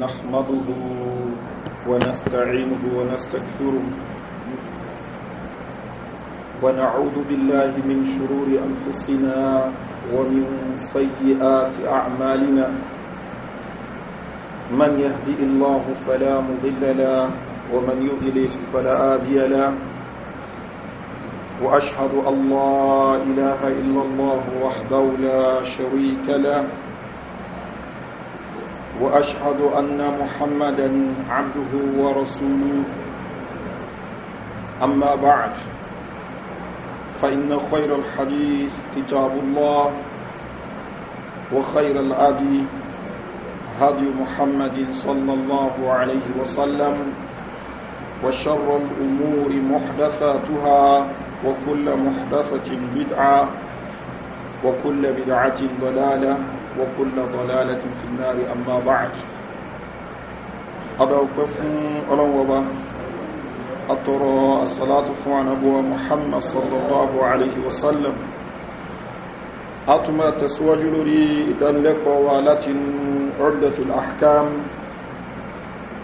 نحمده ونستعينه ونستكفره ونعوذ بالله من شرور أنفسنا ومن سيئات أعمالنا من يهدئ الله فلا مضل له ومن يضلل فلا هادي له وأشهد أن لا إله إلا الله وحده لا شريك له واشهد ان محمدا عبده ورسوله اما بعد فان خير الحديث كتاب الله وخير الادي هدي محمد صلى الله عليه وسلم وشر الامور محدثاتها وكل محدثه بدعه وكل بدعه ضلاله وكل ضلالة في النار أما بعد هذا أدوقف ألوبا أترى الصلاة فوان أبو محمد صلى الله عليه وسلم أتما تسوج لي دلق والة عدة الأحكام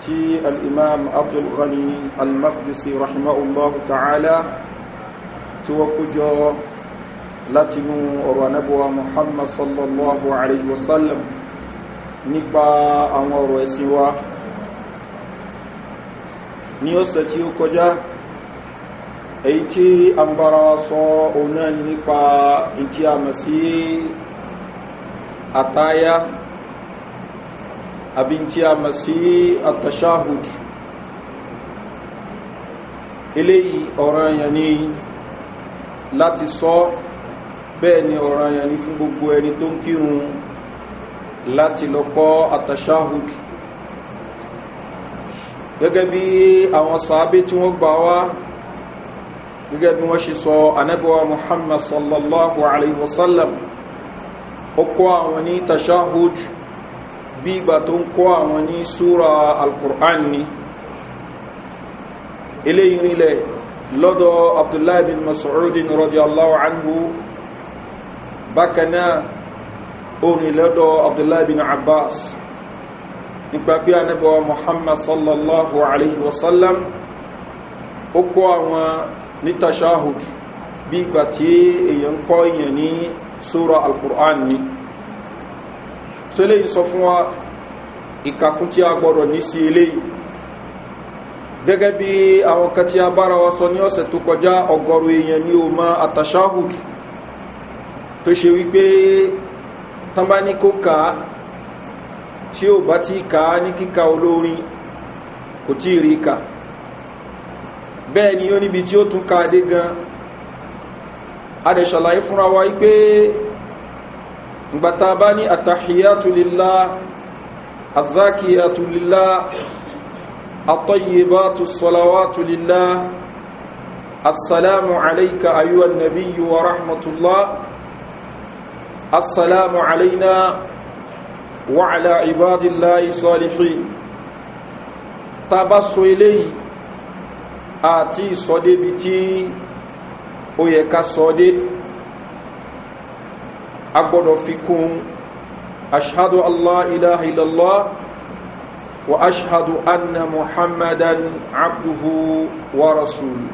تي الإمام عبد الغني المقدسي رحمه الله تعالى توقجو látinú ọ̀rọ̀ anábọ̀wá muhammad sallallahu alayhi wa sallam nípa àwọn ọ̀rọ̀ ẹ̀sìn wa ní ọ̀sẹ̀ tí ó kọjá èyí tí a ń bára sọ òun nípa ìtí àmọ̀ sí àtáyá abin tí a sí àtàṣáhùd eléyìí ọ̀ranyàn ni láti sọ so, bẹ́ẹ̀ ni ọ̀ràn yẹn ni fún gbogbo ẹni tó ń kírun láti lọ kọ́ àtàṣáhùd gẹ́gẹ́ bí àwọn sàábé tí wọ́n gbà wá gẹ́gẹ́ bí wọ́n ṣe sọ anábíwá muhammad sallallahu alaihi wasallam ó kọ́ àwọn ní tashahud bí ìgbà tó ń kọ́ àwọn ní súra alkur'an ni eléyìí rinlẹ̀ lọ́dọ̀ abdullahi bin masaudin radiyallahu anhu bákanáà orin lọ́dọ̀ abdullahi bin abbas nípa pé anábọ̀ muhammad sallallahu alaihi wasallam ó kọ́ àwọn ní tashahud bí ìgbà tí èyàn kọ́ èyàn ní sóra alkur'an ni tó lè sọ fún wa ìkàkún tí a gbọ́rọ̀ ní sí eléyìí gẹ́gẹ́ bí àwọn kan tí wa sọ ní ọ̀sẹ̀ tó kọjá ọgọ́rù èèyàn ní o ma àtàṣáhùdù tó ṣe wípé tán bá ní kó ka tí ó bá ti ka ní kíka olórin kò tí rí ka bẹ́ẹ̀ ni ó níbi tí ó tún ka dé gan adẹ̀ṣàlàyé fúnra wa wípé ìgbàta bá ní àtàhíyàtùlélá àzákìyàtùlélá àtọ́yìnbátùsọ́láwátùlélá assalamu alaika ayyuan nabiyyu wa rahmatullah السلام علينا وعلى عباد الله الصالحين tabaso eléyìí àti ìsọdébi tí ó yẹ ká sọdé a gbọ́dọ̀ fi kún aṣhadu allah ilaha illallah wa aṣhadu anna muhammadan abduhu wa rasulu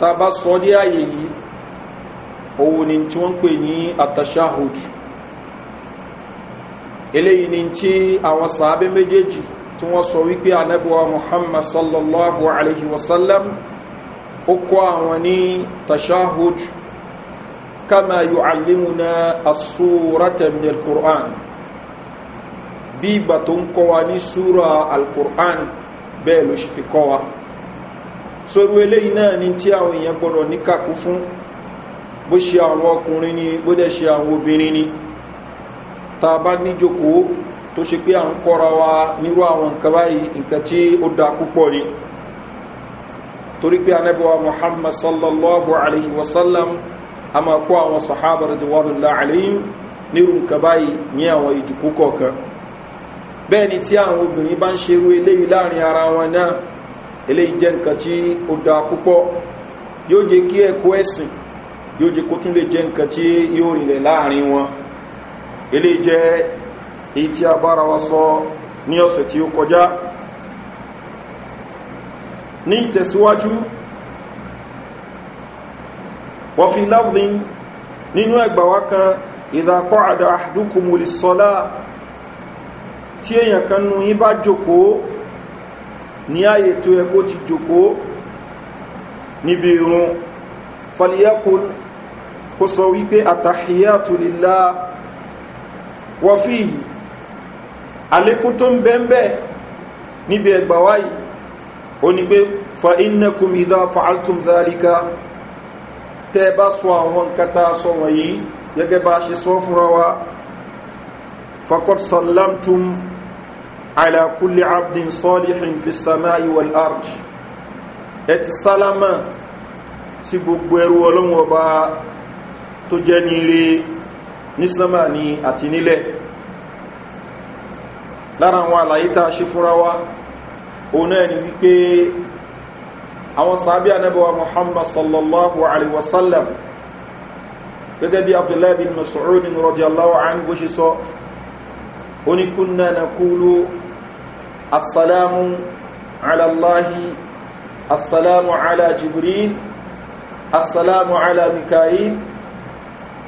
tabaso dé àyè yìí òun ni tí wọ́n pè ní atashahud eléyìí ni tí àwọn sàábé méjèèjì tí wọ́n sọ wípé anábíwá muhammad sallallahu alaihi wasallam ó kọ́ àwọn ní tashahud kama yóò alimuna asúratẹ̀mí al-qur'an bí ìgbà tó ń kọ́ wa ní súra al bẹ́ẹ̀ ló ṣe fi kọ́ wa sórí eléyìí náà ni tí àwọn èèyàn gbọ́dọ̀ níkàkú fún bó ṣe àwọn ọkùnrin ni bó dẹ̀ ṣe àwọn obìnrin ni ta bá níjókòó tó ṣe pé à ń kọ́ra wa nírú àwọn nǹkan báyìí nǹkan tí ó da púpọ̀ ni torí pé anábíwá muhammad sallallahu alayhi wa sallam a máa kó àwọn sahaba rẹ̀díwárù láàrín nírú nǹkan báyìí ní àwọn ìjùkú kọ̀ọ̀kan bẹ́ẹ̀ ni tí àwọn obìnrin bá ń ṣerú eléyìí láàrin ara wọn náà eléyìí jẹ́ nǹkan tí ó da púpọ̀ yóò jẹ́ kí ẹ̀kọ́ ẹ̀sìn yóò jẹ́ kó tún lè jẹ́ nǹkan tí yóò rìnlẹ̀ láàrin wọn ilé jẹ́ èyí tí a bára wa sọ ní ọ̀sẹ̀ tí ó kọjá ní ìtẹ̀síwájú wọ́n fi lábùdín nínú ẹgbà wá kan ìdàkọ́ àdá àdúkùmùlì sọ́lá tí èyàn kan nù yí bá jòkóó ní ààyè tó ẹkó ti jòkóó níbi irun fàlíyàkùn kó sọ wípé àtàhíyàtù lílá wọ́fí yìí alékún tó ń bẹ́ẹ̀bẹ́ níbi ẹgbà wáyìí ó ní pé fa innakum idha fa'altum dhalika tẹ́ bá sọ àwọn kata sọ wọ̀nyí gẹ́gẹ́ bá ṣe sọ fúnra wa faqad sallamtum ala kulli abdin salihin fi samai wal ardi ẹ ti sálámà gbogbo ẹrú ọlọ́wọ́ bá tó jẹ́ ní ire ní sánmà ní àti nílẹ̀ lára àwọn àlàyé tá a ṣe fúnra wa òun náà ni wípé àwọn sàábí anábọ̀wá muhammad sallallahu alaihi wasallam gẹ́gẹ́ bí abdullahi bin masu'ud bin radiyallahu anhu bó ṣe sọ oníkúnnà na kúlù assalamu alallahi assalamu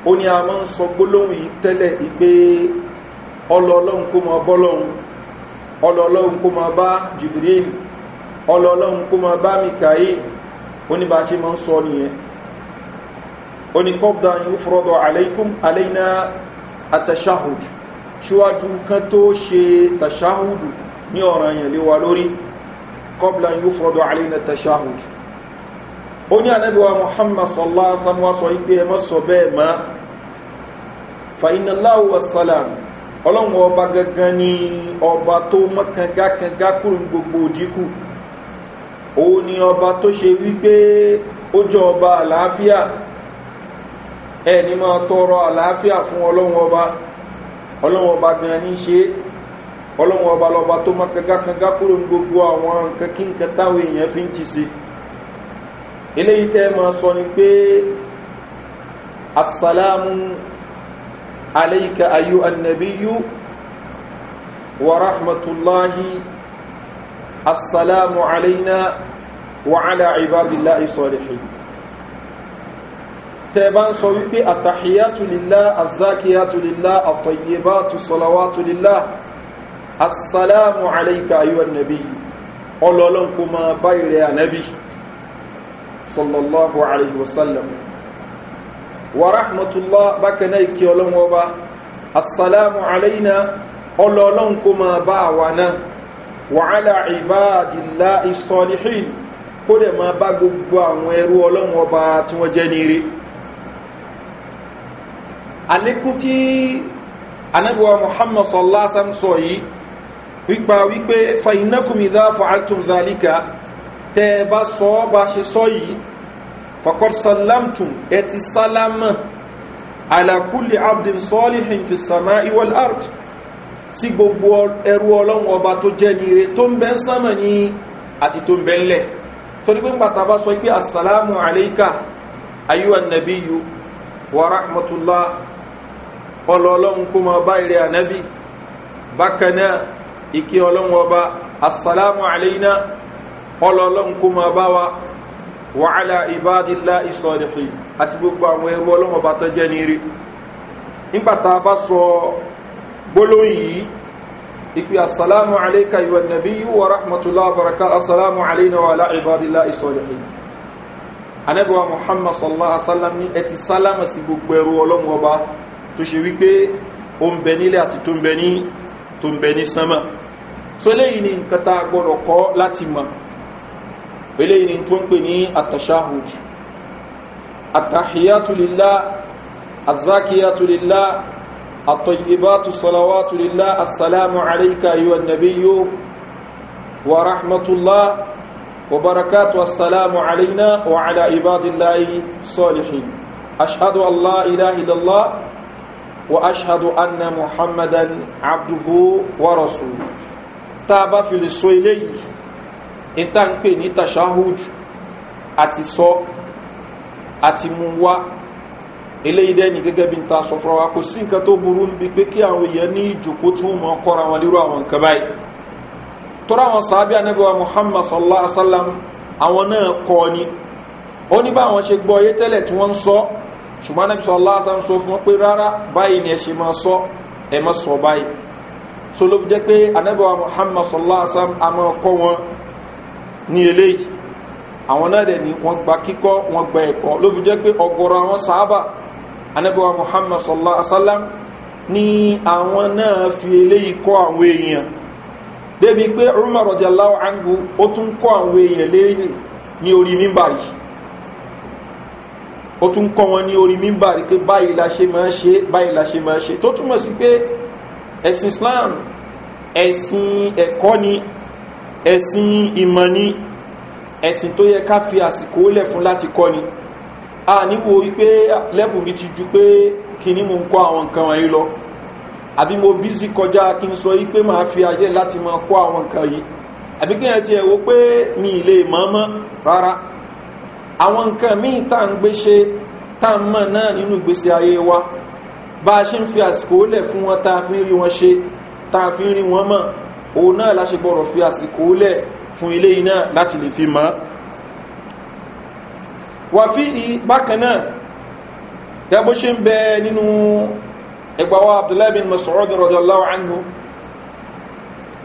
ó ní a máa ń sọ gbólóhùn yìí tẹ́lẹ̀ ìpé ọlọ́ọ̀lọ́hun kó máa bọ́lọ́hun ọlọ́ọ̀lọ́hun kó máa bá jibril ọlọ́ọ̀lọ́hun kó máa bá mikael ó ní bá ṣe máa ń sọ nìyẹn ó ní kọ́bdà yìí fọ́rọ̀dọ̀ aleikum aleina atashahudu ṣíwájú kan tó ṣe tashahudu ní ọ̀ràn yẹn léwa lórí kọ́bdà yìí fọ́rọ̀dọ̀ aleina tashahudu ó ní anábíwá muhammad sallá sanwó sọ ipé ẹmọ́ sọ bẹ́ẹ̀ ma fàínàláwò wasalam ọlọ́run ọba gangan ni ọba tó mọ́kangakanga kúrò ní gbogbo òdíkù òun ni ọba tó ṣe wípé ó jọ ọba àlàáfíà ẹni máa tọrọ àlàáfíà fún ọlọ́run ọba ọlọ́run ọba gan ní ṣe ọlọ́run ọba lọba tó mọ́kangakanga kúrò gbogbo àwọn nǹkan táwọn èèyàn fi ń ti sí i eléyìí tẹ́ máa sọ ni pé asalamu aleika ayu annabiyu wa rahmatulahi asalamu aleina wa ala ibadillah isolihi tẹ́ bá ń sọ wípé àtàhíyàtùlélá azákíyàtùlélá àtọ̀yẹ̀bátùsọ̀làwátùlélá asalamu aleika ayu annabiyu ọlọ́lọ́n kò máa báyìí rẹ̀ annabiyu صلى الله عليه وسلم ورحمة الله bákan náà kí ọlọ́wọ́ bá asalaamu alayna ọlọ́ọ̀lọ́n وعلى عباد الله الصالحين náà wa ala ibadilá isọ́nihin kó dẹ̀ máa bá gbogbo àwọn ẹrú ọlọ́wọ́ bá tí wọ́n jẹ́ níire àlékún tí anábíwá muhammad sallallahu alayhi wa sọ yìí wípa wípé fa inákùnmí dá fa'altum zalika tẹ́ ẹ bá sọ ọ́ bá ṣe sọ yìí fakọ́t salamtum ẹ ti sálámà alakuli abdul solihin fi sama iwal art sí gbogbo ẹrú ọlọ́run ọba tó jẹ́ ní ire tó ń bẹ́ ń sámà ní àti tó ń bẹ́ ń lẹ̀ torí pé ń bàtà bá sọ pé assalamu alaika ayuwa nabiyu wa rahmatullah ọlọ́ọ̀lọ́run kó máa bá ilẹ̀ ànábì bákan náà ìkí ọlọ́run ọba assalamu alaina ọlọ́lọ́run kó máa bá wa wàhálà ìbádìlá ìsọ̀lẹ̀fì àti gbogbo àwọn ẹrú ọlọ́run ọba tó jẹ́ nírí nígbàtà bá sọ gbólóhùn yìí ìpè assalamu alayka yíwa nàbí yíwa rahmatulah baraka assalamu alayna wa ala ìbádìlá ìsọ̀lẹ̀fì anẹ́bọ̀wà muhammad sallallahu alaihi wasallam ní ẹti sálámà sí gbogbo ẹrú ọlọ́run ọba tó ṣe wípé o ń bẹ nílẹ̀ àti so léyìn ni nǹkan tá a gbọ́dọ̀ kọ́ eléyìí ni tó ń pè ní atashahud atahiyatulila azakiyatulila atayibatu salawatulila assalamu alaika ayyuha nabiyyu wa rahmatullah wa barakatu assalamu alaina wa ala ibadillahi salihin ashhadu an la ilaha illallah wa ashhadu anna muhammadan abduhu wa rasuluhu tá bá fi lè sọ eléyìí ìta ń pè ní tashahud àti sọ àti mú wá eléyìí dẹ́ni gẹ́gẹ́ bí n ta sọ fúnra wa kò sí nǹkan tó burú níbi pé kí àwọn èèyàn ní ìjòkó tí wọ́n mọ̀ kọ́ra wọn lérò àwọn nǹkan báyìí tọ́ra àwọn sàábí anábíwá muhammad sallallahu alaihi wasallam àwọn náà kọ́ ni ó ní bá àwọn ṣe gbọ́ ayé tẹ́lẹ̀ tí wọ́n ń sọ ṣùgbọ́n anábí sallallahu alaihi wasallam sọ fún pé rárá báyìí ni ẹ ṣe máa sọ ẹ má sọ báyìí so ló fi jẹ́ pé anábíwá muhammad sallallahu alaihi wasallam kọ́ wọn ní eléyìí àwọn náà dẹ̀ ni wọ́n gba kíkọ́ wọ́n gba ẹ̀kọ́ ló fi jẹ́ pé ọgọ́rọ̀ àwọn sàábà anábíwá muhammad sallallahu alaihi wasallam ní àwọn náà fi eléyìí kọ́ àwọn èèyàn débi pé umar radiallahu anhu ó tún kọ́ àwọn èèyàn léyìí ní orí mímbàrí ó tún kọ́ wọn ní orí mímbàrí pé báyìí la ṣe máa ṣe báyìí la ṣe máa ṣe tó túmọ̀ sí pé ẹ̀sìn islam ẹ̀sìn ẹ̀kọ́ ni ẹ̀sìn ìmọ̀ ni ẹ̀sìn tó yẹ ká fi àsìkò lẹ̀ fún láti kọ́ ni a níwo wípé lẹ́bù mi ti ju pé kí ní mo ń kọ́ àwọn nǹkan wọ̀nyí lọ àbí mo bízí kọjá kí n sọ yí pé máa fi ayé láti máa kọ́ àwọn nǹkan yìí àbí kí n ti ẹ̀wọ́ pé mi ì lè mọ̀ mọ́ rárá àwọn nǹkan míì tá à ń gbé ṣe tá à ń mọ̀ náà nínú ìgbésí ayé wa bá a ṣe ń fi àsìkò lẹ̀ fún wọn tá a fi ń rí wọn ṣe tá a fi ń rí wọn mọ̀ òun náà láṣẹ gbọ́rọ̀ fi àsìkò lẹ̀ fún ilé iná láti lè fi mọ́ wà fí i bákan náà gẹ́gbó ṣe ń bẹ nínú ẹgbàwá abdullahi bin masorodin rọ̀dọ̀láwà ánú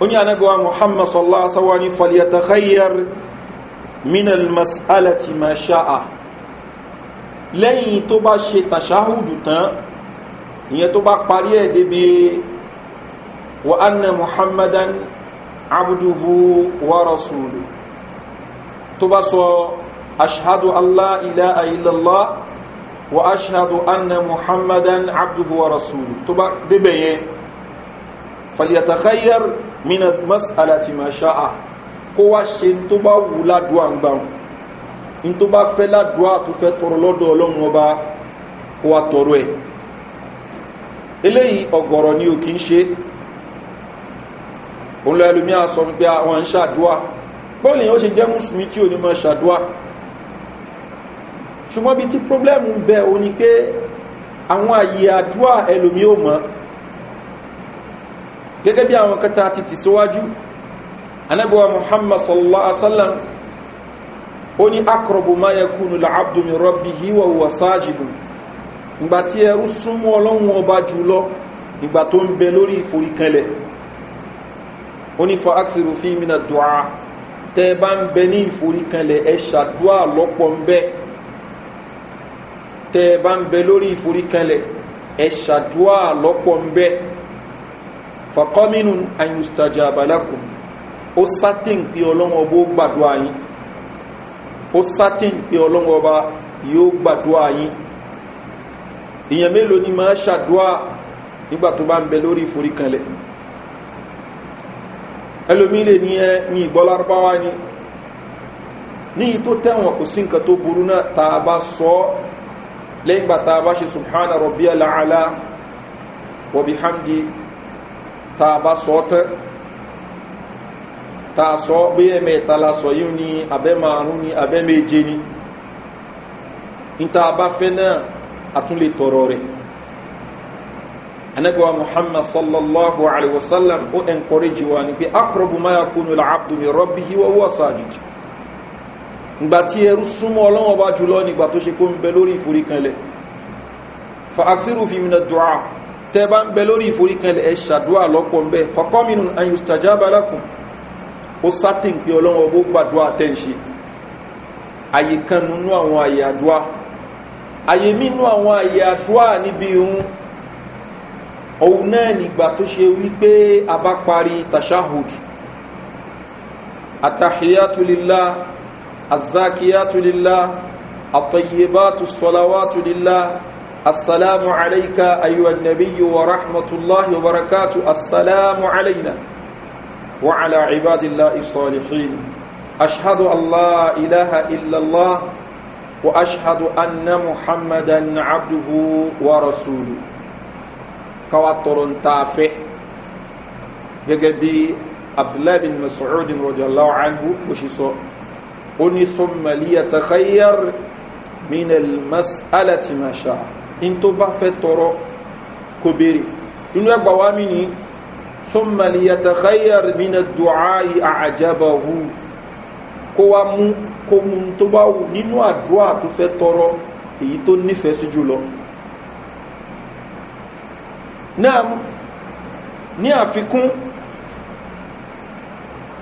onye anagbawa muhammad sallallahu alaihi wasallam ni faliyata khayyar min almas'alati ma sha'a lẹ́yìn tó bá ṣe tàṣáhùdù tán ìyẹn tó bá parí ẹ̀ débi wa anna muhammadan abduhu wa rasulu tó bá sọ ashadu allah ilaha illallah wa ashadu anna muhammadan abduhu wa rasulu tó bá débẹ̀ yẹn falyatakayyar min mas'alati ma sha'a kó wá ṣe tó bá wù ládùá ń gbà ń tó bá fẹ́ ládùá tó fẹ́ tọrọ lọ́dọ̀ ọlọ́run ọba kó wá tọrọ ẹ̀ eléyìí ọ̀gọ̀rọ̀ ni ò kí ń ṣe òun lọ ẹlòmí àsọ wípé àwọn ń ṣàdúà bọ́ọ̀lù yẹn ó ṣe jẹ́ mùsùlùmí tí ò ní mọ́ ṣàdúà ṣùgbọ́n bí tí pọ́blẹ́mù ń bẹ o ni pé àwọn àyè àdúà ẹlòmí ò mọ́ gẹ́gẹ́ bí àwọn kẹta ti tì síwájú anábíwá muhammad sallallahu alaihi wasallam ó ní akọrọ̀bù máa yẹ kúrò láàbdùmí rọ́bì híwà wà sáàjìdù ìgbà tí ẹrú súnmọ́ ọlọ́run ọba onífọ akitiro fi mi na dùn á tẹ ẹ bá ń bẹ ní ìforíkanlẹ̀ ẹ ṣàdúrà lọ́pọ̀ ń bẹ tẹ ẹ bá ń bẹ lórí ìforíkanlẹ̀ ẹ ṣàdúrà lọ́pọ̀ ń bẹ fàkọ́mínú àyùsítàjà àbálákùn ó sátìn pé ọlọ́wọ́ bó gbàdúrà yín ó sátìn pé ọlọ́wọ́ bá yóò gbàdúrà yín ìyẹn mélòó ni máa ṣàdúrà nígbà tó bá ń bẹ lórí ìforíkanlẹ̀ ẹlòmí lè ní ẹ ní ìgbọ́lárúbáwá ni ní ìtò tẹ́wọ̀n kò sí nǹkan tó burú náà ta bá sọ lẹ́yìn ta bá ṣe subhana rọ̀bí aláàlá wọ̀bí hamdi ta bá sọ tẹ́ ta sọ bí ẹ̀mẹ́ ìtala sọ yíò ní abẹ́ márùn ní abẹ́ méje ni ìta bá fẹ́ náà àtúnlẹ̀ tọrọ rẹ̀ anabiwa muhammad sallallahu alaihi wasallam o encourage wa ni pé akọrọbù máa kúnu làbdù mi rọ́bì yíwọ́ wọ́ sáàjìjì ìgbà tí ẹrú súnmọ́ ọlọ́wọ́ bá jùlọ nígbà tó ṣe kó ń bẹ lórí ìforíkanlẹ̀ fa àfihàn fi mi na dùá tẹ́ bá ń bẹ lórí ìforíkanlẹ̀ ẹ ṣàdúà lọ́pọ̀ ń bẹ fakọ́mìnù ayùsítàjá balakùn ó sátìn pé ọlọ́wọ́ bó gbàdúà tẹ́ ń ṣe àyè kan nínú àwọn àyè àdúà àyè mí nínú àwọn àyè àdúà níbi ìhun òun náà nígbà tó ṣe wípé a bá parí tashahud àtàhíyàtulilá àzákíyàtulilá àtàyébátùsọ̀láwátulilá assalamu alaika ayyuan nabiyyu wa rahmatullahi wa barakatu assalamu alaina wa ala ibadillahi salihin ashhadu an la ilaha illallah wa ashhadu anna muhammadan abduhu wa rasuluhu káwa tọrọ ń ta fẹ́ gẹ́gẹ́ bí abdullahi bin masoud rọjàláwà anhu bó ṣe sọ ó ní sọmọlíyà takayar minel masalati masha in tó bá fẹ́ tọrọ kò béèrè inú ẹgbà wá mi ní sọmọlíyà takayar minel duayi àjábàwù kó wá mú kó mú tó bá wù nínú àdúrà tó fẹ́ tọrọ èyí tó nífẹ̀ẹ́ sí jùlọ. نعم، ní àfikún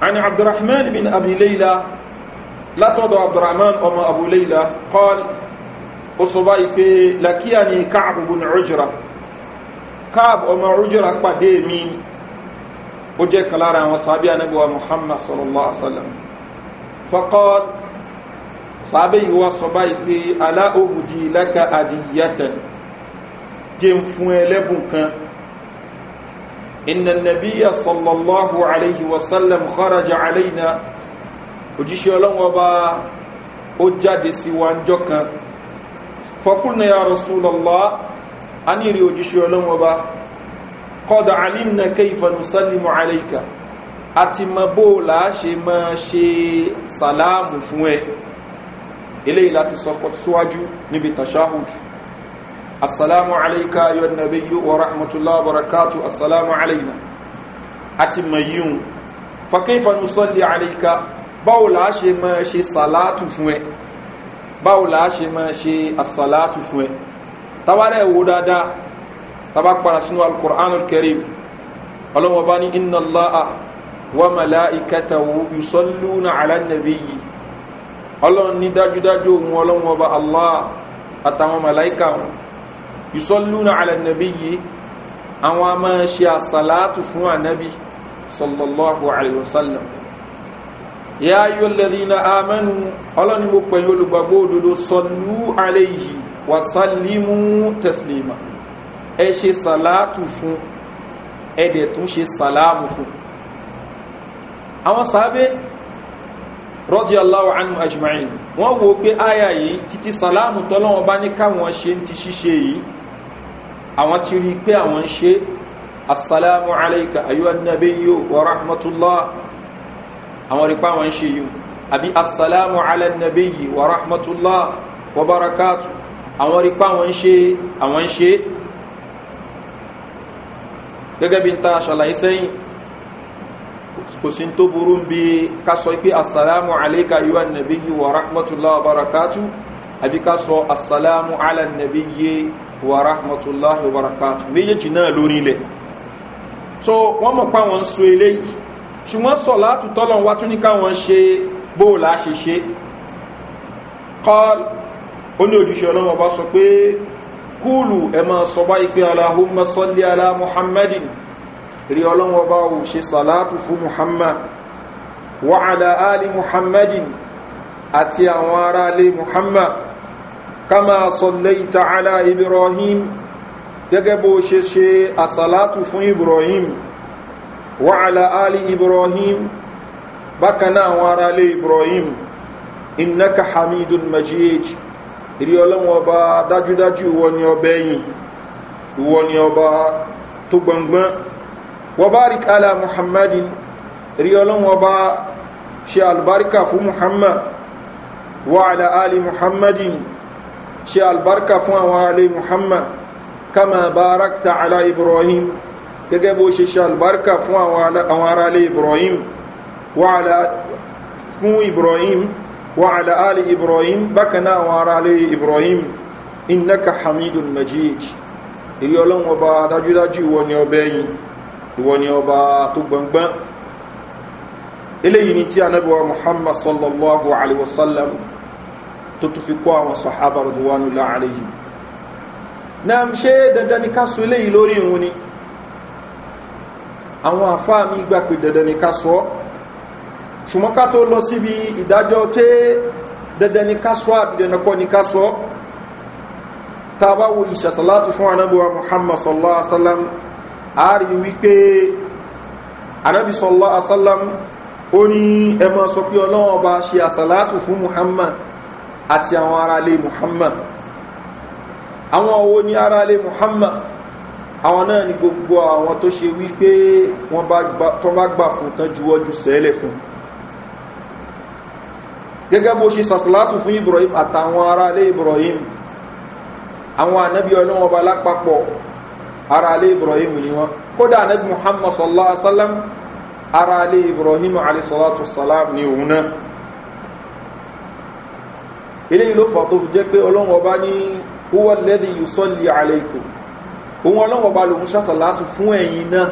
عن عبد الرحمن بن أبي ليلى لا تضع عبد الرحمن أم أبو ليلى قال أصبعك لكياني كعب بن عجرة كعب أم عجرة قدي مين وجه لارا وصابي نبوة محمد صلى الله عليه وسلم فقال صابي وصبعك ألا أهدي لك أدية جنفوين لبنك inna nabiya sallallahu alayhi wa sallam kharaja alayna òjíṣẹ́ ọlọ́wọ́ bá ó jáde sí wa ń jọ kan fọkúnnà ya rasulallah a ní rí òjíṣẹ́ ọlọ́wọ́ bá kọ́dà alimna kaifanu sallimu alayka àti mọ bóòlà ṣe mọ ṣe sàlámù fún ẹ eléyìí láti sọpọ̀ síwájú níbi tàṣáhùjù assalamu alayka ayyuha an-nabiyyu wa rahmatullahi wa barakatuh assalamu alayna àti mayun fa kayfa nusalli alayka báwo la ṣe máa ṣe salatu fún ẹ báwo la ṣe máa ṣe as-salatu fún ẹ tabarẹ wo dáadáa taba kpara sínú al-qur'an al inna allaha wa malaikatahu yusalluna ala nabiyyi ọlọ́run ní dájúdájú òun ọlọ́wọ́ bá allah àtàwọn malaika ìsọ́lúnà alànàbí yìí àwọn a máa ṣe àsàlátù fún ànábí sallallahu alaihi wasallam ya yíò lẹ́dínà amẹ́nu ọlọ́ni mo pẹ̀lú olùgbàgbó òdòdó sọlú aléyìí wà sálímú tẹ̀sílìmà ẹ ṣe sàlátù fún ẹ̀dẹ̀ tún ṣe sàlámù fún àwọn sàábẹ́ rọ́dí aláwọ̀ anú ajma'in wọ́n wo pé áyà yìí títí sàlámù tọ́lọ́wọ́ bá ní káwọn ṣe ń ti ṣíṣe àwọn ti rí pé àwọn ń ṣe assalamu alaika ayyuwa nabi yio wa rahmatullah àwọn rí pé àwọn ń ṣe yìí àbí assalamu ala nabi yìí wa rahmatullah wa barakatu àwọn rí pé àwọn ń ṣe àwọn ń ṣe gẹ́gẹ́ bí n ta ṣàlàyé sẹ́yìn kò sí tó burú bí ká sọ pé assalamu alaika ayyuwa nabi yìí wa rahmatullah wa barakatu àbí ká sọ assalamu ala nabi yìí wa rahmatulahi wa barakatu méjèèjì náà lórí ilẹ̀ so wọ́n mọ̀ pa wọn so eléyìí ṣùgbọ́n sọ látù tọ́lọ̀ wá tún ní káwọn ṣe bóòlà ṣe kọ́l ó òjúṣe ọlọ́wọ́ bá sọ pé kúùlù ẹ máa sọ bá ìpé aláhùnmá sọ́lé alá muhammadin rí ọlọ́wọ́ bá wù ṣe sàlátù fún muhammad wà alì muhammadin àti àwọn ará muhammad kama sọlẹ́ta ala ibrahim gẹ́gẹ́ bó ṣe ṣe àsàlátù fún ibrahim wà ala ali ibrahim bákaná àwọn ará lè ibrahim innaka hamidun majid ìrí ọlọ́wọ́ bá dájúdájú ìwọ ni ọbẹ̀ yìí ìwọ ni ọba tó gbọngbọ́n wọ́n bá rí kálá muhammadin ìrí ọlọ́wọ́ bá ṣe albarka fún muhammad wà ala ali muhammadin ṣe albarka fún àwọn alẹ́ muhammad kama barakta ala ibrahim gẹ́gẹ́ bó ṣe ṣe albarka fún àwọn ará alẹ́ ibrahim fún ibrahim wa ala alẹ́ ibrahim bákaná àwọn ará alẹ́ ibrahim innaka hamidun majid ìrí ọlọ́run ọba dájúdájú ìwọ ni ọba ẹ̀yìn ìwọ ni ọba tó gbọngbọ́n eléyìí tí anábíwá muhammad sallallahu alaihi wasallam tó tó fi kọ́ àwọn sọ̀hábà rọ̀dùwánú láàrin yìí náà ṣe dandan ní kásù ilé yìí lórí ìhun ni àwọn àfáà mi gbà pé dandan ní kásù ọ́ ṣùgbọ́n ká tó lọ síbi ìdájọ́ tẹ́ dandan ní kásù àbìdẹ̀nàkọ́ ní kásù ọ́ tá a bá wo ìṣàtàlátù fún anábíwá muhammad sallallahu alaihi wa sallam a rí wípé sallallahu alaihi wa sallam ó ní ẹmọ sọ pé ọlọ́wọ́ bá ṣe àṣàlátù muhammad àti àwọn aráalé muhammad àwọn owó ní aráalé muhammad àwọn náà ni gbogbo àwọn tó ṣe wípé wọ́n bá gbà fún tán juwọ́jú sẹ́lẹ̀ fún gẹ́gẹ́ bó ṣe sàṣàlátù fún ibrahim àtàwọn aráalé ibrahim àwọn ànábí ọlọ́wọ́ bá lápapọ̀ aráalé ibrahim ni wọ́n kódà ànábí muhammad sallallahu alaihi wasallam aráalé ibrahim alaihi salatu salam ni òun náà eléyìí ló fà tó fi jẹ́ pé ọlọ́run ọba ní huwa lẹ́dí yusalli aleikum òun ọlọ́run ọba lòun ṣàtàlátù fún ẹ̀yìn náà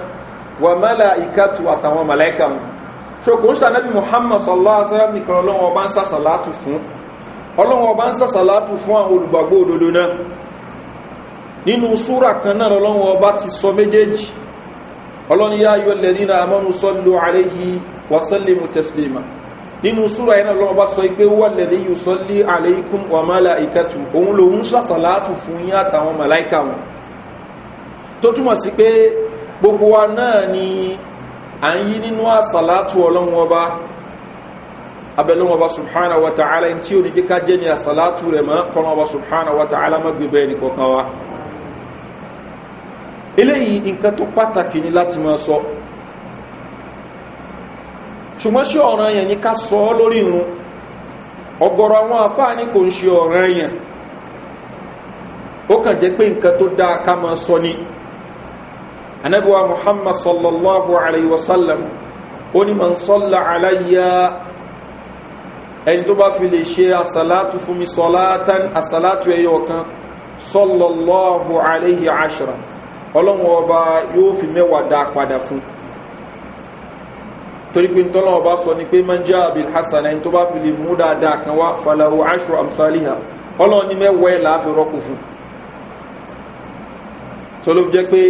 wà mẹ́là ìkàtù àtàwọn mọ̀lẹ́kà wọn ṣokò ń ṣànẹ́bí muhammad sallallahu alaihi wasallam nìkan ọlọ́run ọba ń ṣàṣàlátù fún ọlọ́run ọba ń ṣàṣàlátù fún àwọn olùgbàgbọ́ òdodo náà nínú súra nínú súra ẹ̀nà lọ́wọ́ bá sọ pé wọ́lẹ̀dẹ́ yóò sọ lé àlẹ́ikún wàmálà ìkẹtù òun lòun ṣàṣàlátù fún yí àtàwọn màláìkà wọn tó túnmọ̀ sí pé gbogbo wa náà ni à ń yí nínú àṣàlátù ọlọ́run ọba abẹ́lọ́wọ́ ọba subhana wa ta'ala tí ó ṣùgbọ́n ṣe ọ̀ràn yẹn ní ká sọ ọ́ lórí irun ọgọ̀rọ̀ àwọn àfáàní kò ń ṣe ọ̀ràn yẹn ó kàn jẹ́ pé nǹkan tó dáa ká máa sọ ni anabiwa muhammad sallallahu alayhi wa sallam ó ní ma ń sọ́lá aláyà ẹni tó bá fi lè ṣe asàlátù fún mi sọ́látán asàlátù ẹyọ kan sallallahu alayhi ashra ọlọ́run ọba yóò fi mẹ́wàá dáa padà fún un torí pé tọ́lọ́ ọba sọ ni pé máa ń jẹ́ abil hasan ẹni tó bá fi lè mú dáadáa kan wá falawo aṣọ amsaliha ọlọ́run ní mẹ́wọ́ ẹ̀ láàfi rọ́kù fún tọ́lọ́ jẹ́ pé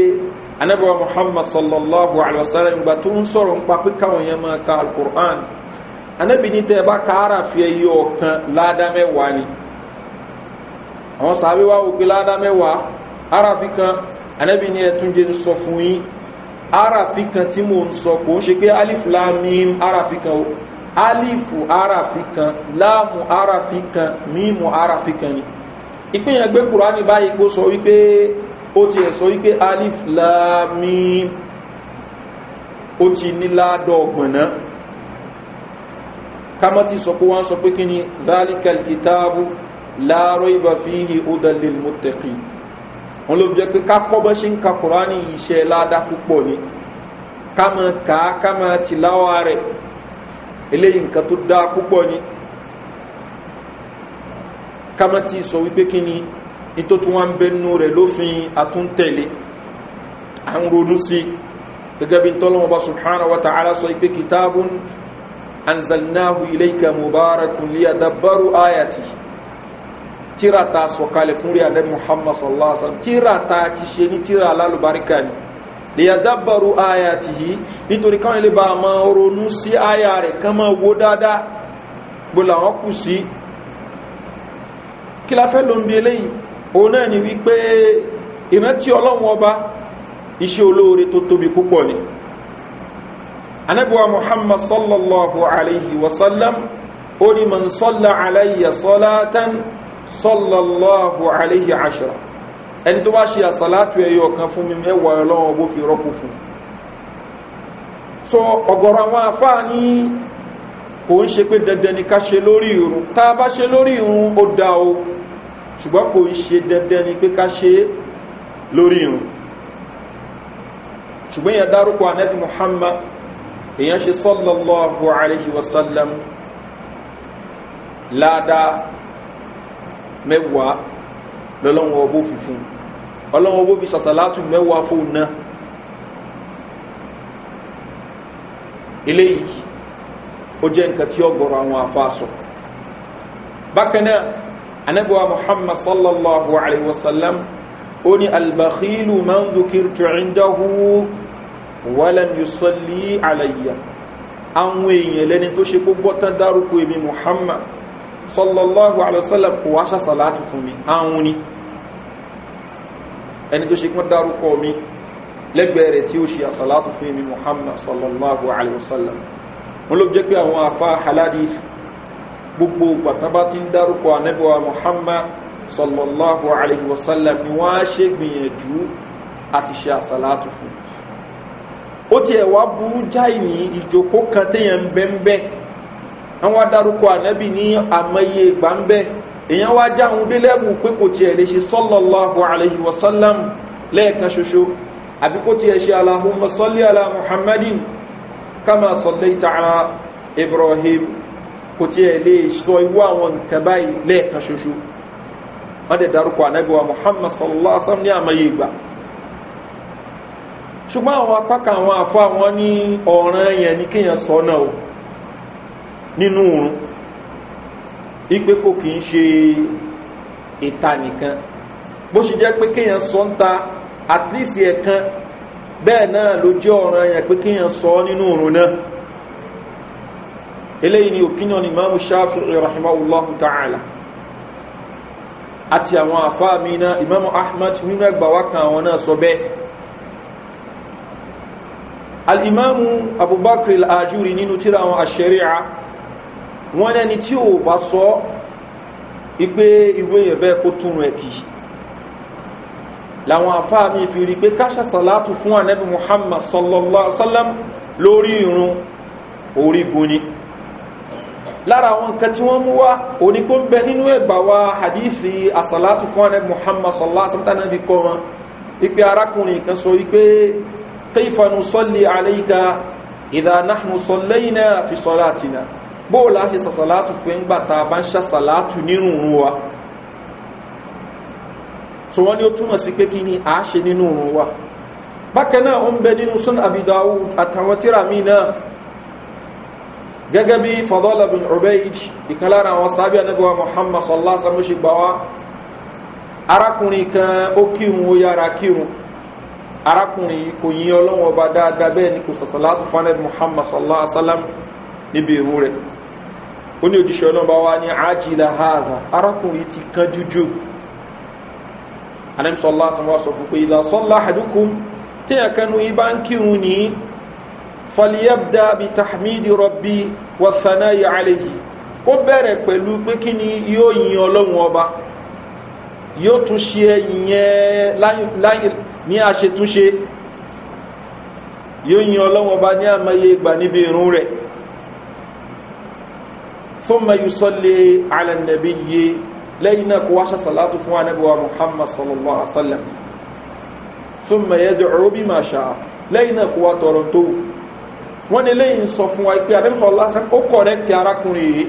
anábẹ́wà muhammad sallallahu alayhi wa sallam gba tó ń sọ̀rọ̀ nípa pé káwọn yẹn máa ka alukur'an anábì ní tẹ́ ẹ bá ka ara fi ẹyọ ọ̀kan ládàá mẹ́wàá ni àwọn sàbí wa ládàá mẹ́wàá ara fi kan anábì ní ẹ tún jẹ́ sọ fún yín arafi kan tí mo ń sọ kò ṣe pé alif láàmìm arafi kan o alifu arafi kan láàmù arafi kan mímù arafi kan ni ìpínyàn gbé kùránì báyìí kó sọ wípé ó ti ẹ̀ wípé alif láàmìm ó ti ní ládọ̀ ọgbọ̀n náà kamati sọ pé wọ́n sọ pé kí ni zalikal kitabu láàrọ̀ ìbàfíhì ó dalil mọ́tẹ̀kì wọn ló jẹ́ pé ká kọ́bọ́ ṣe ń ka kùránì iṣẹ́ ládá púpọ̀ ni ká máa kà á ká máa tìláwà rẹ̀ eléyìí nǹkan tó dá púpọ̀ ni ká máa ti sọ wípé kí ni nítò tí wọ́n ń bẹ nú rẹ̀ lófin àtúntẹ̀lé à ń ronú sí gẹ́gẹ́ bí tọ́lọ́wọ́ bá subhanahu wa ta'ala sọ wípé kìtàbùn anzalnahu ilayka mubarakun liyadabbaru ayatihi tíra ta sọ̀kalẹ̀ fún rí adẹ́ muhammad sallallahu alaihi wasallam tíra ta ti ṣe ní tíra alálùbáríkà ni lè yàdábàrú àyà ti yìí nítorí káwọn ilé bá ma ronú sí àyà rẹ̀ kán máa wo dáadáa gbọ́là wọn kù sí kí la fẹ́ ló ń bi eléyìí òun náà ni wípé ìrántí ọlọ́run ọba iṣẹ́ olóore tó tóbi púpọ̀ ni anabiwa muhammad sallallahu alaihi wasallam ó ní mọ̀ ń sọ́lá sallallahu alayhi ashara ẹni tó bá ṣe àsàlátù ẹyọ kan fún mi mẹ́wàá ọlọ́wọ́ bó fi rọ́pò fún so ọ̀gọ̀rọ̀ àwọn afáà ní kò ń ṣe pé dandan ni ká ṣe lórí irun tá a bá ṣe irun ó dá o ṣùgbọ́n kò ń ṣe dandan ni pé ká ṣe lórí irun ṣùgbọ́n yẹn dárúkọ anẹ́bí muhammad èèyàn ṣe sallallahu alayhi wa sallam láadáa mẹ́wàá lọ́lọ́wọ́ ọbó fífún ọlọ́wọ́ ọbó fi sàṣàlátù mẹ́wàá fóun náà eléyìí ó jẹ́ nǹkan tí ó gbọ́rọ̀ àwọn afáàsọ bákanáà anábíwá muhammad sallallahu alaihi wasallam ó ní albakhilu man zukirtu indahu walam yusalli alayya àwọn èèyàn lẹni tó ṣe gbogbo tán dárúkọ èmi muhammad sọlọ́lọ́hu alẹ́sọ́lẹ̀ kò wá ṣàṣàlátù fún mi ahun ni ẹni tó ṣe kí wọ́n dárúkọ mi lẹ́gbẹ̀ẹ́ rẹ̀ tí ó ṣe àṣàlátù fún mi muhammad sọlọ́lọ́hu alẹ́sọ́lẹ̀ wọn ló jẹ́ pé àwọn afá haladi gbogbo gbàtàbá ti ń dárúkọ anẹ́bọ̀wá muhammad sọlọ́lọ́hu alẹ́sọ́lẹ̀ ni wọ́n burú jáì ní ìjókòó kan téèyàn ń àwọn adarúkọ ànábì ní àmọye ìgbà ń bẹ́ èèyàn wá já àwọn délẹ́bù pé kò tiẹ̀ lè ṣe sọ́lọ́lọ́hu alayhi wa sallam lẹ́ẹ̀kan ṣoṣo àbí kò tiẹ̀ ṣe aláhùnmọ́ sọ́lé ala muhammadin kama sọ́lé ìtara ibrahim kò tiẹ̀ lè sọ irú àwọn nǹkan báyìí lẹ́ẹ̀kan ṣoṣo wọ́n dẹ̀ darúkọ ànábì wa muhammad sọ́lọ́lọ́hu alayhi wa sallam ní àmọye ìgbà nínú oorun ipe kò kì í ṣe ìta nìkan bó ṣe jẹ́ pé kéèyàn sọ ń ta at least ẹ̀kan bẹ́ẹ̀ náà ló jẹ́ ọ̀ràn yẹn pé kéèyàn sọ nínú oorun náà eléyìí ni òkínyàn ni imam shafi rahimahullah ta'ala àti àwọn àfáà mi náà imam ahmad nínú ẹgbàá wákan àwọn náà sọ bẹ́ẹ̀ al-imam abubakar al-ajuri nínú tíra àwọn àṣẹríà wọ́n lẹ́ni tí ò bá sọ ipé ìwé ẹ̀bẹ́ kó túnrù ẹ̀kì láwọn àfáà mi fi rí pé káṣà sàlátù fún ànẹ́bí muhammad sallallahu alaihi wasallam lórí irun orígun ni lára àwọn nǹkan tí wọ́n mú wá onígbó ń bẹ nínú ẹgbà wa hadithi asàlátù fún ànẹ́bí muhammad sallallahu alaihi wasallam tánàbí kọ́ wọn ipe arákùnrin bóòlá ṣe sàṣàlátù fún ẹgbà tá a bá ń ṣàṣàlátù nínú òun wa so wọ́n ni ó túmọ̀ sí pé kí ni a ṣe nínú òun wa bákan náà ó ń bẹ nínú sun abidawu àtàwọn tíra mi náà gẹ́gẹ́ bí fadọ́lá bin ubaid ìkan lára àwọn sábẹ́ anábíwá muhammad sallallahu alaihi ṣe gbà wá arákùnrin kan ó kírun ó yára kírun arákùnrin kò yí ọlọ́wọ́ ọba dáadáa bẹ́ẹ̀ ni kò sàṣàlátù fanẹ́d muhammad sallallahu alaihi níbi ìrú rẹ̀ ó ní òjíṣẹ́ ọlọ́ba wá ní ajila haza arákùnrin ti kan jújú anẹ́mùsọ́lá sanwó sọ fún pé ìlàsọ́lá àdúkùn tí a kanú ibá ń kírun ní faliyabda bi tahmidi rabbi wasana ya alehi ó bẹ̀rẹ̀ pẹ̀lú pé kí ni yóò yin ọlọ́run ọba yóò tún ṣe ìyẹn ní àṣetúnṣe yóò yin ọlọ́run ọba ní àmọye ìgbà níbi ìrún rẹ̀ ثم يصلي على النبي لين كواش صلاة فوان أبو محمد صلى الله عليه وسلم ثم يدعو بما شاء لين كوا تورنتو wọ́n ní lẹ́yìn sọ fún wa pé àdébùsọ̀ lásán ó kọ̀rẹ́ ti arákùnrin yìí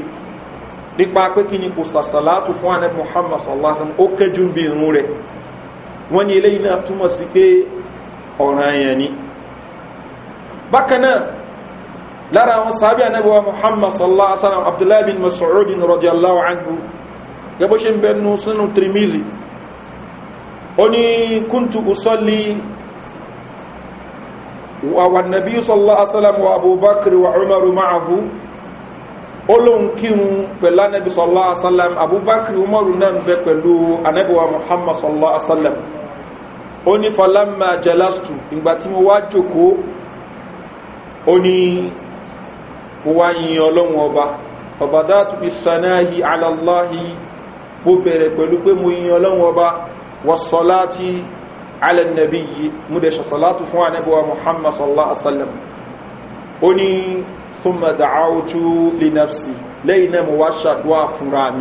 nípa pé kí ni kò sàṣàlátù fún àdébù muhammad sallásán ó kẹjú bí irun rẹ̀ wọ́n ní lẹ́yìn náà túmọ̀ sí pé ọ̀ràn ni bákan lára àwọn sàábí anábíwá muhammad sallallahu alaihi wasallam abdullahi bin masoudin radiyallahu anhu gẹ́bọ́ ṣe ń bẹnu sínú trimili ó ní kúntù usọ́lì wà nàbí sallallahu alaihi wasallam wa abubakar wa umaru ma'ahu olóhun kírun pẹ̀lú anábí sallallahu alaihi abubakar umaru náà ń bẹ pẹ̀lú anábíwá muhammad sallallahu alaihi wasallam ó falamma jalastu ìgbà tí mo wá jòkó ó ní kó wá yin ọlọ́run ọba ọ̀bàdá tóbi sanáhi aláláhi mo bẹ̀rẹ̀ pẹ̀lú pé mo yin ọlọ́run ọba wọ́sọ̀lá ti alẹ́nàbí yìí mo dẹ̀ ṣọ̀sọ̀lá tó fún anábíwá muhammad sallallahu alaihi wasallam ó ní súnmọ̀ dàáwótú linafsi lẹ́yìn náà mo wá ṣàdúrà fúnra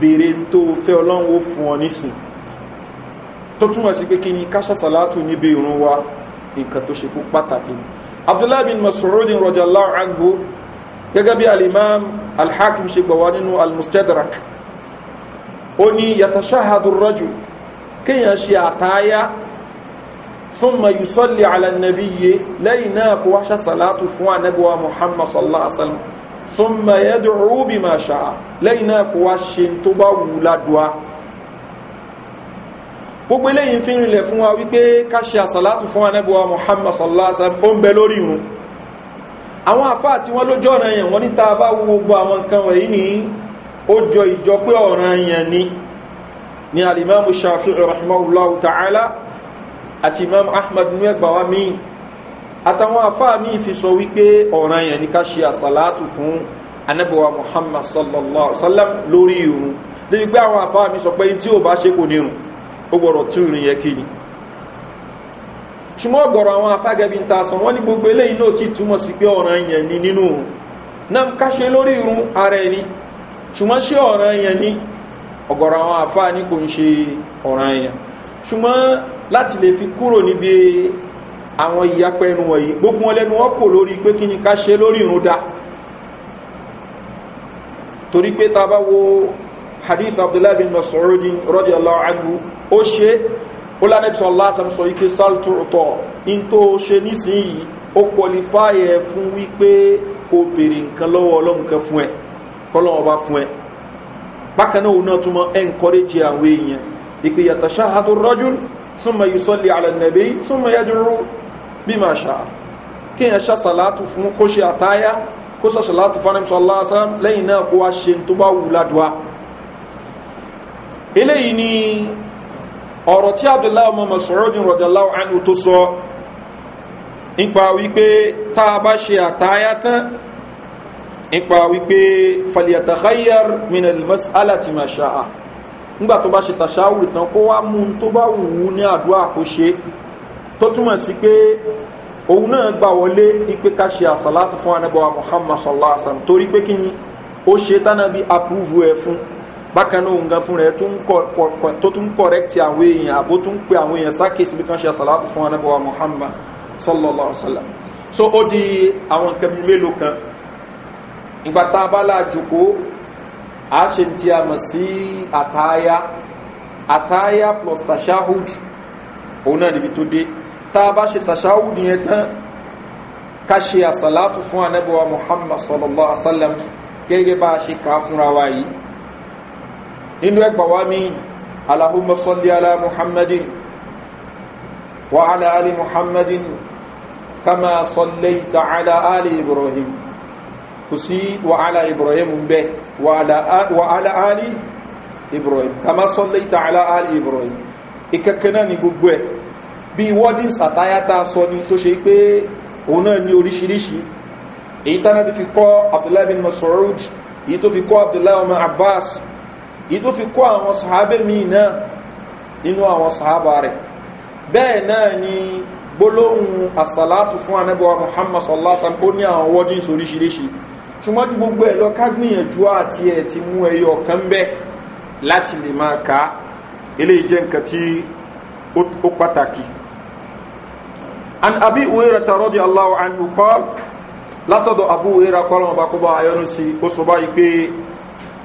bèèrè tó fẹ́ ọlọ́run ó fún ọ nísìn tó túnmọ̀ sí pé kí ni káṣà sàlátù níbi ìrún wa nǹkan tó ṣe kú pàtàkì abdullahi bin masurudin rọjàlá agbo gẹ́gẹ́ bí alimam alhakim ṣe gbọ̀wá nínú almustadrak ó ní yàtàṣáhadù rọ́jù kíyàn ṣe àtáyá ثم يصلي على النبي ليناك وحش صلاة فوان نبوى محمد صلى الله عليه وسلم ثم يدعو بما شاء لينا كواشين تبا ولادوا gbogbo eléyìn fi rinlẹ̀ fún wa wípé ká ṣe àsàlátù fún anẹ́bọ̀wà muhammad sallásán ó ń bẹ lórí irun àwọn àfáà tí wọ́n lójọ́ ọ̀ràn yẹn wọ́n ní bá wo gbogbo àwọn nǹkan wọ̀nyí ní ó jọ ìjọ pé ọ̀ràn yẹn ni ni alimamu shafi'u rahimahullahu ta'ala àti imam ahmad nú ẹgbàá àtàwọn àfáà míì fi sọ wípé ọ̀ràn yẹn ni ká ṣe àsàlátù fún anábẹ̀wá muhammad sallallahu alaihi wa sallam lórí irun débi pé àwọn àfáà míì sọ pé tí ò bá ṣe kò ní irun ó gbọ́dọ̀ tún ìrìn yẹn kí ṣùgbọ́n ọ̀gọ̀rọ̀ àwọn afágẹ́bí ń ta sàn wọ́n ní gbogbo eléyìí náà ti túmọ̀ sí pé ọ̀ràn yẹn ni nínú òun náà ká ṣe lórí irun ara ẹni ṣùgbọ́n ṣé ọ̀ràn yẹn ni ọ̀gọ̀rọ̀ àwọn àfáà ní kò ń ṣe ọ̀ràn yẹn ṣùgbọ́n láti lè fi kúrò níbi àwọn ìyapẹ́ ẹnu wọ̀nyí gbogbo wọn lẹ́nu wọ́n kò lórí pé kí ni ká ṣe lórí ìrún da torí pé ta bá wo hadith abdullahi bin masoori rọ́dí aláwọ̀ anhu ó ṣe ó lánàbísọ̀ lásán sọ ike sáltùrùtọ̀ in tó ṣe nísìnyí ó kọlifáyẹ fún wípé kò bèèrè nǹkan lọ́wọ́ ọlọ́nkan fún ẹ kọ́lọ́wọ́ fún ẹ bákan náà náà túnmọ̀ encourage bí máa ṣá kí yẹn ṣá sàlátù fún kó ṣe àtáyá kó ṣá sàlátù fún anamsọ aláàsán lẹ́yìn náà kó wá ṣe tó bá wù ládùá eléyìí ni ọ̀rọ̀ tí abdullahi ọmọ masorodin rọ̀dàláwò ánú tó sọ nípa wípé tá a bá ṣe àtáyá tán nípa wípé falyatakayyar minal mas'alati masha'a nígbà tó bá ṣe tàṣáwù tán kó wá mú tó bá wù ú ní àdúrà kó ṣe tó túmọ̀ sí pé òun náà gbà wọlé ipe ká ṣe àsàlátù fún anábọ́wá muhammad sallallahu alaihi wasallam torí pé kí ni ó ṣe tánàbí approve ẹ fún bákan náà òun gan fún rẹ tó tún correct àwọn èèyàn àbó tún pe àwọn èèyàn sákèsí bí kan ṣe àsàlátù fún anábọ́wá muhammad sallallahu alaihi wasallam so ó di àwọn nǹkan bíi mélòó kan ìgbà tá a plus tashahud òun náà níbi tó dé tá a bá ṣe tàṣáwù nìyẹn tán ká ṣe àsàlátù fún anábíwá muhammad sallallahu alaihi wa sallam gẹ́gẹ́ bá a ṣe kà á fúnra wa yìí nínú ẹgbà wa mi alahumma salli ala muhammadin wa ala ali muhammadin kama sallaita ala ali ibrahim kò sí wa ala ibrahim bẹ wa ala ali ibrahim kama sallaita ala ali ibrahim ìkẹkẹ náà ni gbogbo ẹ̀ bí wọ́dín sàtáyátá sọ ni tó ṣe pé òun náà ní oríṣiríṣi èyí tánàbí fi kọ́ abdullahi bin masoud èyí tó fi kọ́ abdullahi abbas èyí tó fi kọ́ àwọn sàábẹ̀ míì náà nínú àwọn sàábà rẹ̀ bẹ́ẹ̀ náà ni gbólóhùn asàlátù fún anábíwá muhammad sallásán ó ní àwọn wọ́dín soríṣiríṣi ṣùgbọ́n ju gbogbo ẹ̀ lọ ká gbìyànjú àti ẹ̀ ti mú ẹyọ kan bẹ́ láti lè máa ka eléyìí jẹ́ nǹkan tí ó pàtàkì an abi uwairata radiyallahu anhu qala látọ̀dọ̀ abu uwaira kọ́lọ̀mọ̀ bá kó bá ayọ́nu sí ó sọ báyìí pé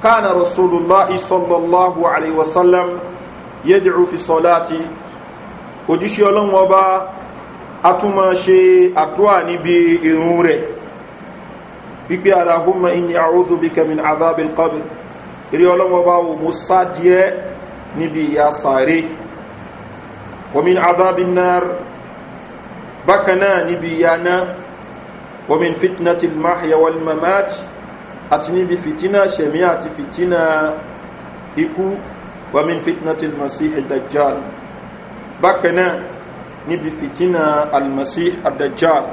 kánà rasulullah sallallahu alayhi wa sallam yẹ́dìrú fi sọ́láti òjíṣẹ́ ọlọ́wọ́ bá a tún máa ṣe àdúwà níbi irun rẹ̀ wípé aláhùnmá inú àrùdù bí kẹmin adábil kọbí eré ọlọ́wọ́ bá wò mú sádìẹ́ níbi ìyá sàárè wọ́n min adábil náà bákan náà níbi ìyáná omin fitna til mahyawal mamat àti níbi fitina sẹ̀mí àti fitina ikú omin fitna til masih dajjal bákan náà níbi fitina almasih dajjal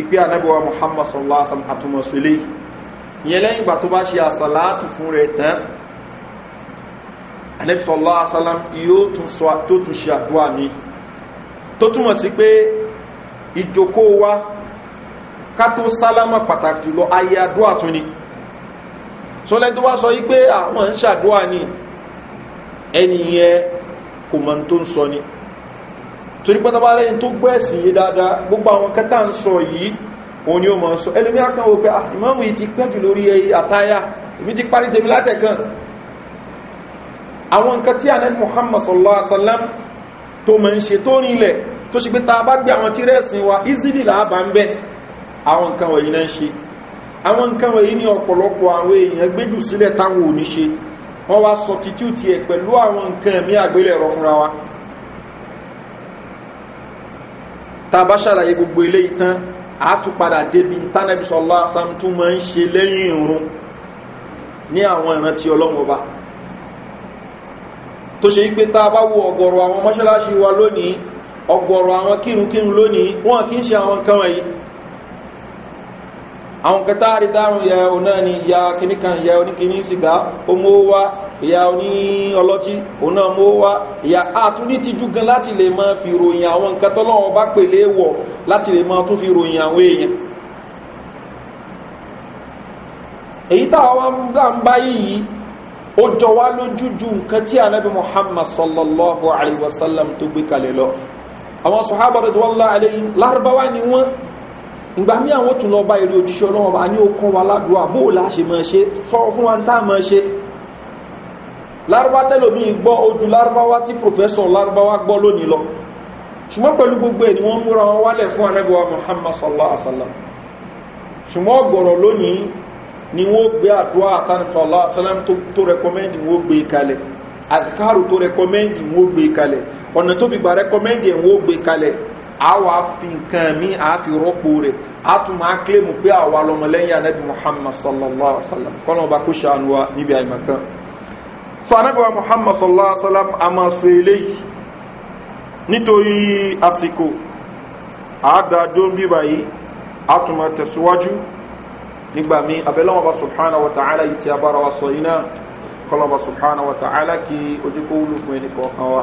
ìpé anábíwa muhammad sallallahu alaihi wasallam àtúmọ̀sílẹ̀ ìyẹn lẹ́yìn ìgbà tó bá ṣe àsàlátù fún rẹ̀ tán anábíwa sallallahu alaihi wasallam yóò tún sọ tó tún ṣe àdúrà mi tó túmọ̀ sí pé ìjòkó wa ká tó sálámà pàtàkì jùlọ ayé àdúà tún ni sọlẹ́ tó wá sọ yí pé àwọn ń ṣàdúà ni ẹni yẹn kò mọ̀ tó ń sọ ni torí pátápá lẹ́yìn tó gbọ́ ẹ̀sìn yìí dáadáa gbogbo àwọn kẹta ń sọ yìí òun ni ó mọ̀ sọ ẹlòmí àkàn pé ìmọ̀mù yìí ti pẹ́jù lórí ẹyí àtáyà èmi ti parí tèmi látẹ̀kan àwọn nǹkan tí àná muhammad sallallahu alaihi wasallam tó mọ̀ ń ṣe tó nílẹ̀ tó ṣe pé ta bá gbé àwọn tírẹ́sìn wa easily làábà ń bẹ́ àwọn nǹkan wọ̀nyí náà ń ṣe àwọn nǹkan wọ̀nyí ní ọ̀pọ̀lọpọ̀ àwọn èèyàn gbéjù sílẹ̀ táwọn ò ní ṣe wọ́n wá substitute ẹ̀ pẹ̀lú àwọn nǹkan ẹ̀mí àgbélẹ̀rọ fúnra wa ta bá ṣàlàyé gbogbo eléyìí tán àtúpadà débi tánàbí samtún máa ń ṣe lẹ́yìn ìrún ní àwọn ìrántí ọlọ́run tó ṣe yí pé ta bá wo ọ̀gọ̀rọ̀ àwọn mọ́ṣáláṣí wa lónìí ọgbọ̀rọ̀ àwọn kírunkírun lónìí wọ́n kí ń ṣe àwọn kan wọ̀nyí àwọn kẹta àrídárùn ya ọ̀nà ni ya kìníkan ya oníkìní sìgá ọmọ wa ìyá oní ọlọ́tí ọ̀nà ọmọ wa ìyá àtúndí ti jù gan láti lè máa fi ròyìn àwọn nǹkan tọ́lọ́wọ́ bá pèlè wọ̀ láti lè máa tún fi ròyìn àwọn èèyàn èyí táwọn ń bá yìí ó jọ wá lójújú nǹkan tí anábì muhammad sallallahu alaihi wasallam tó gbé kalẹ̀ lọ àwọn sọ̀hábà rẹ̀ wọ́lá àlẹ́yìn lárúbáwá ni wọ́n ìgbà mí àwọn tún lọ bá eré òjíṣẹ́ ọlọ́wọ́ bá ní okun wa ládùúgbà bóò láṣe mọ́ ṣe sọ́rọ̀ fún wa ń tá mọ́ ṣe lárúbá tẹ́lòmí gbọ́ ojú lárúbáwá tí pòfẹ́sọ̀ lárúbáwá gbọ́ lónìí lọ ṣùgbọ́n pẹ̀lú gbogbo ẹ̀ ni wọ́n múra wọn wálẹ̀ fún anábíwá muhammad sallallahu alaihi wasallam àtikáàrù tó rẹkọmẹ́ndì wọn ó gbé kalẹ̀ ọ̀nà tó fi gba rẹkọmẹ́ndì ẹ̀ wọn ó gbé kalẹ̀ a wà fi nǹkan mi a fi rọ́pò rẹ̀ a tún máa kílèmù pé àwa lọmọlẹ́yìn anabi muhammad sallallahu alaihi wa sallam kọ́nà ọba kó ṣàánú wa níbi àìmọ̀kan so anabi wa muhammad sallallahu alaihi wa sallam a eléyìí nítorí àsìkò àádájọ́ bíbá yìí a tẹ̀síwájú nígbà míì abẹ́lẹ́wọ̀n ọba subhanahu wa ta'ala yìí ti abára wa sọ yìí náà kọlọba subhana wa ta'ala kí ojú kó wúlò fún ẹni kọ̀ọ̀kan wa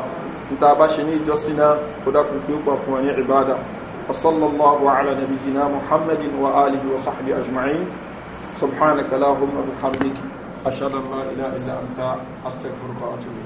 níta bá ṣe ní ìjọsìn náà kó dákun ó gbà fún ẹni ìbádà وصلى الله على نبينا محمد وآله وصحبه أجمعين سبحانك اللهم وبحمدك أشهد أن لا إله إلا أنت أستغفرك وأتوب